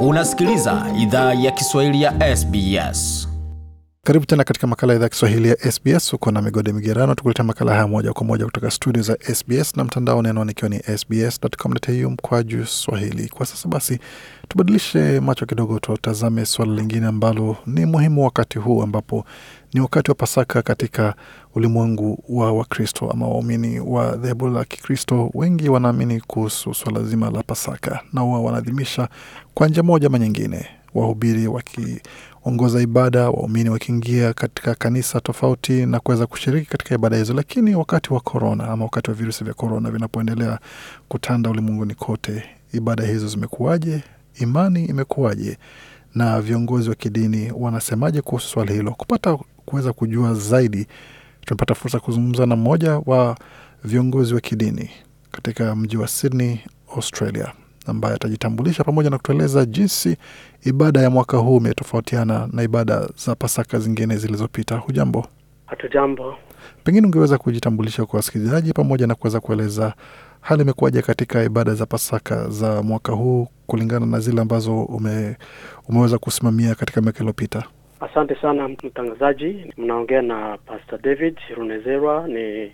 Unasikiliza idhaa ya Kiswahili ya SBS. Karibu tena katika makala idhaa ya Kiswahili ya SBS. Uko na migode migerano, tukuletea makala haya moja kwa moja kutoka studio za SBS na mtandao neno ikiwa ni sbs.com.au juu swahili. Kwa sasa basi, tubadilishe macho kidogo, tutazame suala lingine ambalo ni muhimu wakati huu ambapo ni wakati wa Pasaka katika ulimwengu wa Wakristo ama waumini wa dhehebu la Kikristo. Wengi wanaamini kuhusu swala zima la Pasaka na huwa wanaadhimisha kwa njia moja ama nyingine, wahubiri wakiongoza ibada, waumini wakiingia katika kanisa tofauti na kuweza kushiriki katika ibada hizo. Lakini wakati wa korona ama wakati wa virusi vya korona vinapoendelea kutanda ulimwenguni kote, ibada hizo zimekuwaje? Imani imekuwaje? na viongozi wa kidini wanasemaje kuhusu swali hilo? Kupata kuweza kujua zaidi, tumepata fursa kuzungumza na mmoja wa viongozi wa kidini katika mji wa Sydney, Australia, ambaye atajitambulisha pamoja na kutueleza jinsi ibada ya mwaka huu imetofautiana na ibada za Pasaka zingine zilizopita. Hujambo? Hatujambo. Pengine ungeweza kujitambulisha kwa wasikilizaji pamoja na kuweza kueleza hali imekuwaje katika ibada za Pasaka za mwaka huu kulingana na zile ambazo ume, umeweza kusimamia katika miaka iliyopita. Asante sana mtangazaji, mnaongea na Pastor David Runezerwa ni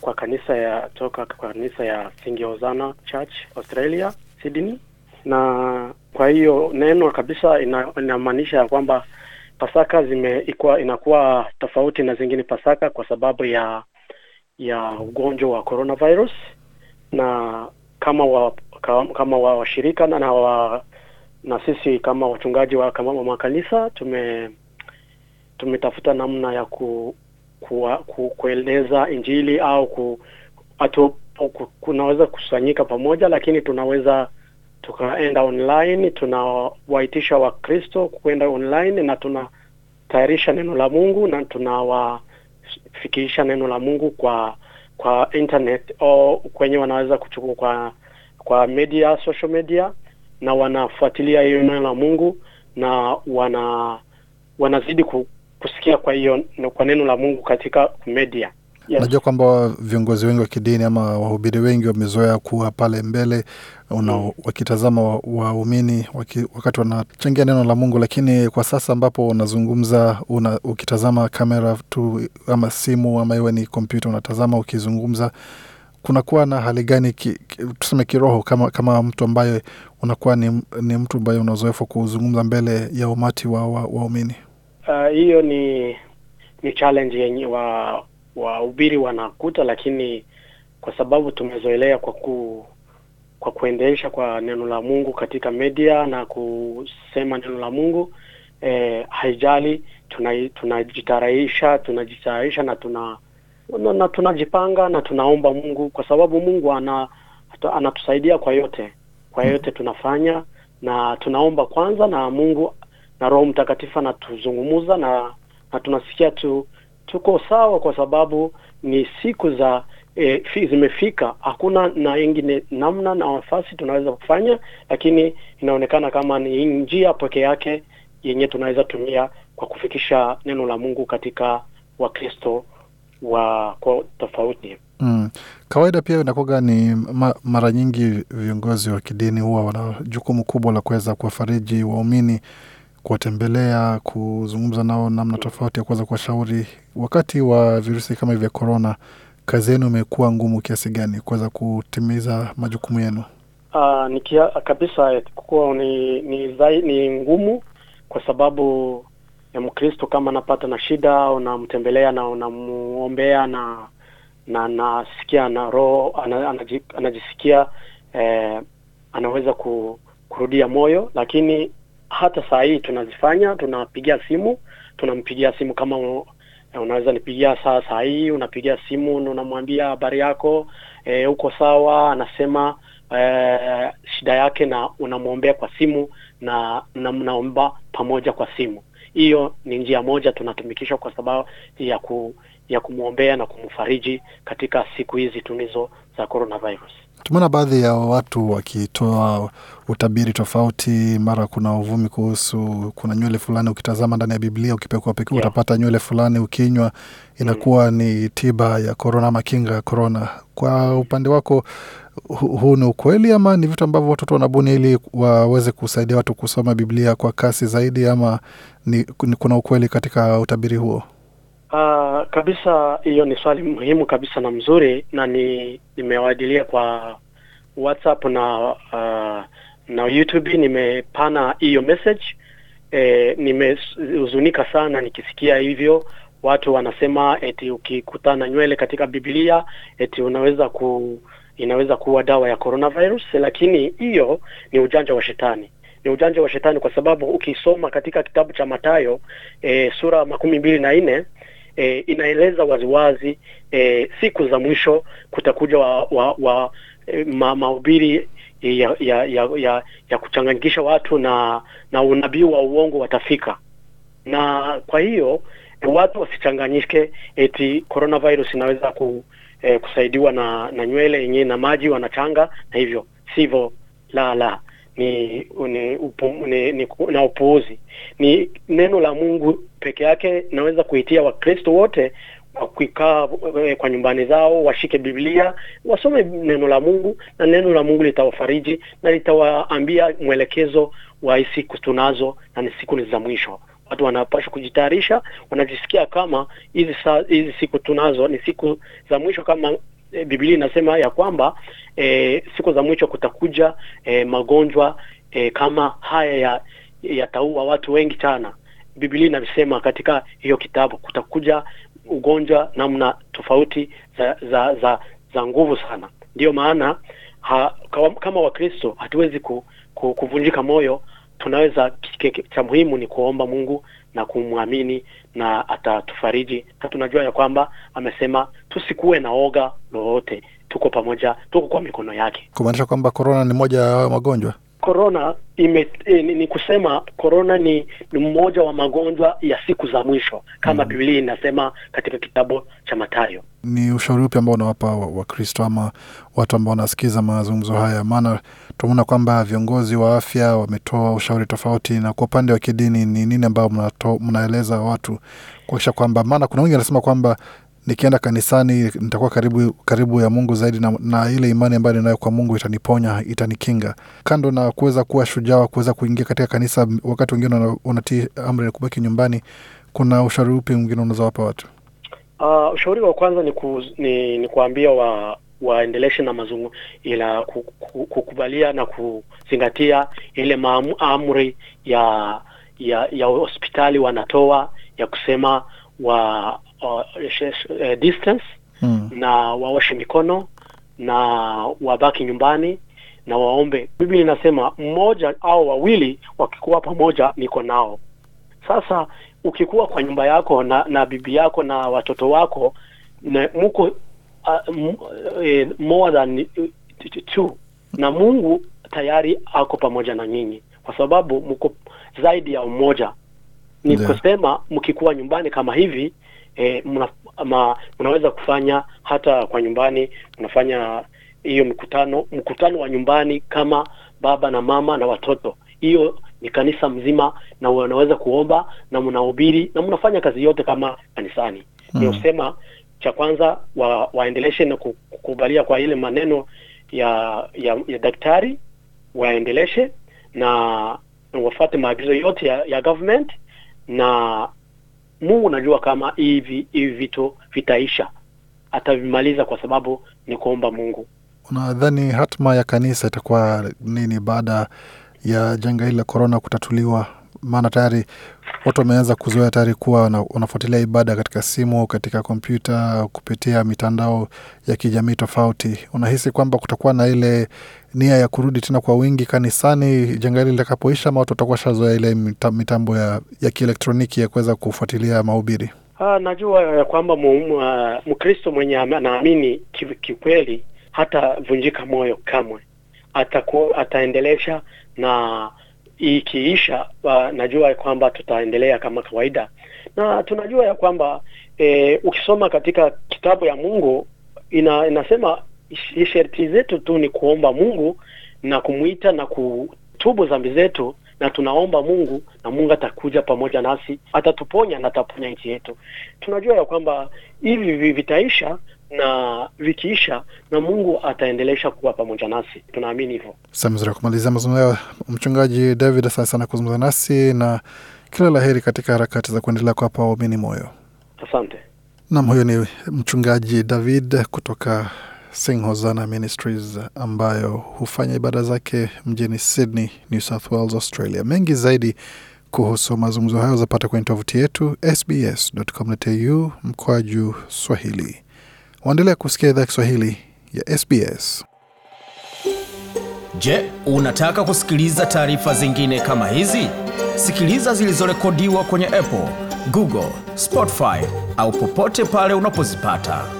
kwa kanisa ya toka kwa kanisa ya Singi Church Australia Sydney, na kwa hiyo neno kabisa inamaanisha ina ya kwamba Pasaka zimeikuwa inakuwa tofauti na zingine Pasaka kwa sababu ya ya ugonjwa wa coronavirus, na kama wa, kama washirika na, na wa na sisi kama wachungaji wa kama makanisa tume tumetafuta namna ya ku, ku, ku, kueleza Injili au ku, atu, ku, kunaweza kusanyika pamoja, lakini tunaweza tukaenda online. Tunawaitisha Wakristo kuenda online na tunatayarisha neno la Mungu na tunawafikisha neno la Mungu kwa kwa internet au kwenye wanaweza kuchukua kwa kwa media social media na wanafuatilia hiyo neno la Mungu na wana wanazidi ku, kusikia kwa hiyo kwa neno la Mungu katika media. Yes. Najua kwamba viongozi wengi wa kidini ama wahubiri wengi wamezoea kuwa pale mbele una, mm. wakitazama waumini wa wakati wanachangia neno la Mungu, lakini kwa sasa ambapo unazungumza una, ukitazama kamera tu ama simu ama iwe ni kompyuta unatazama ukizungumza kunakuwa na hali gani ki, ki, tuseme kiroho kama, kama mtu ambaye unakuwa ni, ni mtu ambaye unazoefu kuzungumza mbele ya umati wa waumini wa ah, hiyo uh, ni ni challenge yenye wa wahubiri wanakuta, lakini kwa sababu tumezoelea kwa ku kwa kuendesha kwa neno la Mungu katika media na kusema neno la Mungu eh, haijali tunajitarahisha tunajitarahisha na tuna na, na tunajipanga na tunaomba Mungu kwa sababu Mungu ana anatusaidia kwa yote, kwa hmm. yote tunafanya, na tunaomba kwanza na Mungu na Roho Mtakatifu anatuzungumuza na, na tunasikia tu tuko sawa, kwa sababu ni siku za e, zimefika. Hakuna na ingine namna na nafasi tunaweza kufanya, lakini inaonekana kama ni njia pekee yake yenye tunaweza tumia kwa kufikisha neno la Mungu katika Wakristo wa kwa tofauti mm. Kawaida pia inakuwa ni ma, mara nyingi viongozi wa kidini huwa wana jukumu kubwa la kuweza kuwafariji waumini, kuwatembelea, kuzungumza nao namna tofauti ya kuweza kuwashauri. Wakati wa virusi kama vya korona, kazi yenu imekuwa ngumu kiasi gani kuweza kutimiza majukumu yenu? Uh, ah, nikia, kabisa kuwa ni, ni, ni ngumu kwa sababu ya Mkristo kama anapata na shida, unamtembelea na unamuombea na na nasikia na roho anajisikia eh, anaweza ku, kurudia moyo. Lakini hata saa hii tunazifanya, tunapigia simu, tunampigia simu kama unaweza nipigia saa saa hii, unapigia simu, unamwambia habari yako, e, uko sawa, anasema e, shida yake, na unamwombea kwa simu na, na mnaomba pamoja kwa simu. Hiyo ni njia moja tunatumikishwa kwa sababu ya ku, ya kumwombea na kumfariji katika siku hizi tulizo za coronavirus. Tumeona baadhi ya watu wakitoa utabiri tofauti, mara kuna uvumi kuhusu kuna nywele fulani, ukitazama ndani ya Biblia ukipekua pekua yeah, utapata nywele fulani ukinywa inakuwa mm, ni tiba ya korona ama kinga ya korona. Kwa upande wako huu ni ukweli ama ni vitu ambavyo watoto wanabuni ili waweze kusaidia watu kusoma Biblia kwa kasi zaidi, ama ni, ni kuna ukweli katika utabiri huo? Uh, kabisa, hiyo ni swali muhimu kabisa na mzuri, na ni nimewadilia kwa WhatsApp na uh, na YouTube nimepana hiyo message e, nimehuzunika sana nikisikia hivyo watu wanasema eti ukikutana nywele katika Biblia eti unaweza ku inaweza kuwa dawa ya coronavirus, lakini hiyo ni ujanja wa shetani, ni ujanja wa shetani kwa sababu ukisoma katika kitabu cha matayo e, eh, sura makumi mbili na nne e, inaeleza waziwazi e, siku za mwisho kutakuja wa, wa, wa ma, maubiri ya, ya, ya, ya, ya kuchanganyikisha watu na na unabii wa uongo watafika, na kwa hiyo watu wasichanganyike eti coronavirus inaweza ku eh, kusaidiwa na na nywele yenyewe na maji wanachanga, na hivyo sivyo, la la ni, ni, upu, ni, ni na upuuzi. Ni neno la Mungu peke yake naweza kuitia Wakristo wote kwa kuikaa eh, kwa nyumbani zao, washike Biblia, wasome neno la Mungu, na neno la Mungu litawafariji na litawaambia mwelekezo wa hii siku tunazo, na ni siku za mwisho watu wanapaswa kujitayarisha, wanajisikia kama hizi hizi siku tunazo ni siku za mwisho kama e, Biblia inasema ya kwamba e, siku za mwisho kutakuja e, magonjwa e, kama haya yataua watu wengi sana. Biblia inasema katika hiyo kitabu kutakuja ugonjwa namna tofauti za za za, za nguvu sana. Ndiyo maana ha, kama Wakristo hatuwezi ku, ku, kuvunjika moyo tunaweza cha muhimu ni kuomba Mungu na kumwamini na atatufariji. Tunajua ya kwamba amesema tusikuwe na oga lolote, tuko pamoja, tuko kwa mikono yake, kumaanisha kwamba korona ni moja ya magonjwa korona ime, e, ni kusema korona ni, ni mmoja wa magonjwa ya siku za mwisho kama mm. Biblia inasema katika kitabu cha matayo Ni ushauri upi ambao unawapa Wakristo wa ama watu ambao wanasikiza mazungumzo haya? Maana tumeona kwamba viongozi wa afya wametoa ushauri tofauti, na kwa upande wa kidini ni nini ambao mnaeleza watu kuakisha kwamba, maana kuna wengi wanasema kwamba nikienda kanisani nitakuwa karibu, karibu ya Mungu zaidi na, na ile imani ambayo ninayo kwa Mungu itaniponya, itanikinga. Kando na kuweza kuwa shujaa kuweza kuingia katika kanisa, wakati wengine unatii amri ya kubaki nyumbani, kuna ushauri upi mwingine unazowapa watu? Uh, ushauri wa kwanza ni, ku, ni, ni kuambia wa waendeleshe na mazungu ila kukubalia na kuzingatia ile amri ya ya ya hospitali wanatoa ya kusema wa Uh, uh, distance hmm. na waoshe mikono na wabaki nyumbani na waombe. Biblia inasema mmoja au wawili wakikuwa pamoja, niko nao. Sasa ukikuwa kwa nyumba yako na, na bibi yako na watoto wako na muko uh, eh, more than uh, two, na Mungu tayari ako pamoja na nyinyi kwa sababu mko zaidi ya umoja. Ni kusema mkikuwa nyumbani kama hivi e, muna, ma, unaweza kufanya hata kwa nyumbani, unafanya hiyo mkutano mkutano wa nyumbani kama baba na mama na watoto. Hiyo ni kanisa mzima, na wanaweza kuomba na mnahubiri na mnafanya kazi yote kama kanisani. Niosema hmm. cha kwanza wa, waendeleshe na kukubalia kwa ile maneno ya, ya, ya daktari waendeleshe na wafate maagizo yote ya, ya government na Mungu unajua kama hivi hivi vitu vitaisha, atavimaliza kwa sababu ni kuomba Mungu. Unadhani hatma ya kanisa itakuwa nini baada ya janga hili la korona kutatuliwa? Maana tayari watu wameanza kuzoea tayari kuwa wanafuatilia ibada katika simu, katika kompyuta, kupitia mitandao ya kijamii tofauti. Unahisi kwamba kutakuwa na ile nia ya kurudi tena kwa wingi kanisani janga hili litakapoisha, ama watu watakuwa shazoea ile mitambo ya, ya kielektroniki ya kuweza kufuatilia mahubiri? Ah, najua ya kwamba uh, Mkristo mwenye anaamini kikweli hata vunjika moyo kamwe, ataku, ataendelesha na ikiisha, uh, najua ya kwamba tutaendelea kama kawaida, na tunajua ya kwamba e, ukisoma katika kitabu ya Mungu ina, inasema sherti zetu tu ni kuomba Mungu na kumwita na kutubu zambi zetu, na tunaomba Mungu na Mungu atakuja pamoja nasi, atatuponya na ataponya nchi yetu. Tunajua ya kwamba hivi vitaisha na vikiisha, na Mungu ataendelesha kuwa pamoja nasi, tunaamini hivyo. Samizira, kumaliza mazungumzo hayo, Mchungaji David, asante sana kuzungumza nasi na kila la heri katika harakati za kuendelea kuwapa waumini moyo. Asante. Nam, huyo ni mchungaji David kutoka Sing Hosanna Ministries ambayo hufanya ibada zake mjini Sydney, New South Wales, Australia. Mengi zaidi kuhusu mazungumzo hayo zapata kwenye tovuti yetu sbs.com.au juu Swahili. Waendelea kusikia idhaa Kiswahili ya SBS. Je, unataka kusikiliza taarifa zingine kama hizi? Sikiliza zilizorekodiwa kwenye Apple, Google, Spotify au popote pale unapozipata.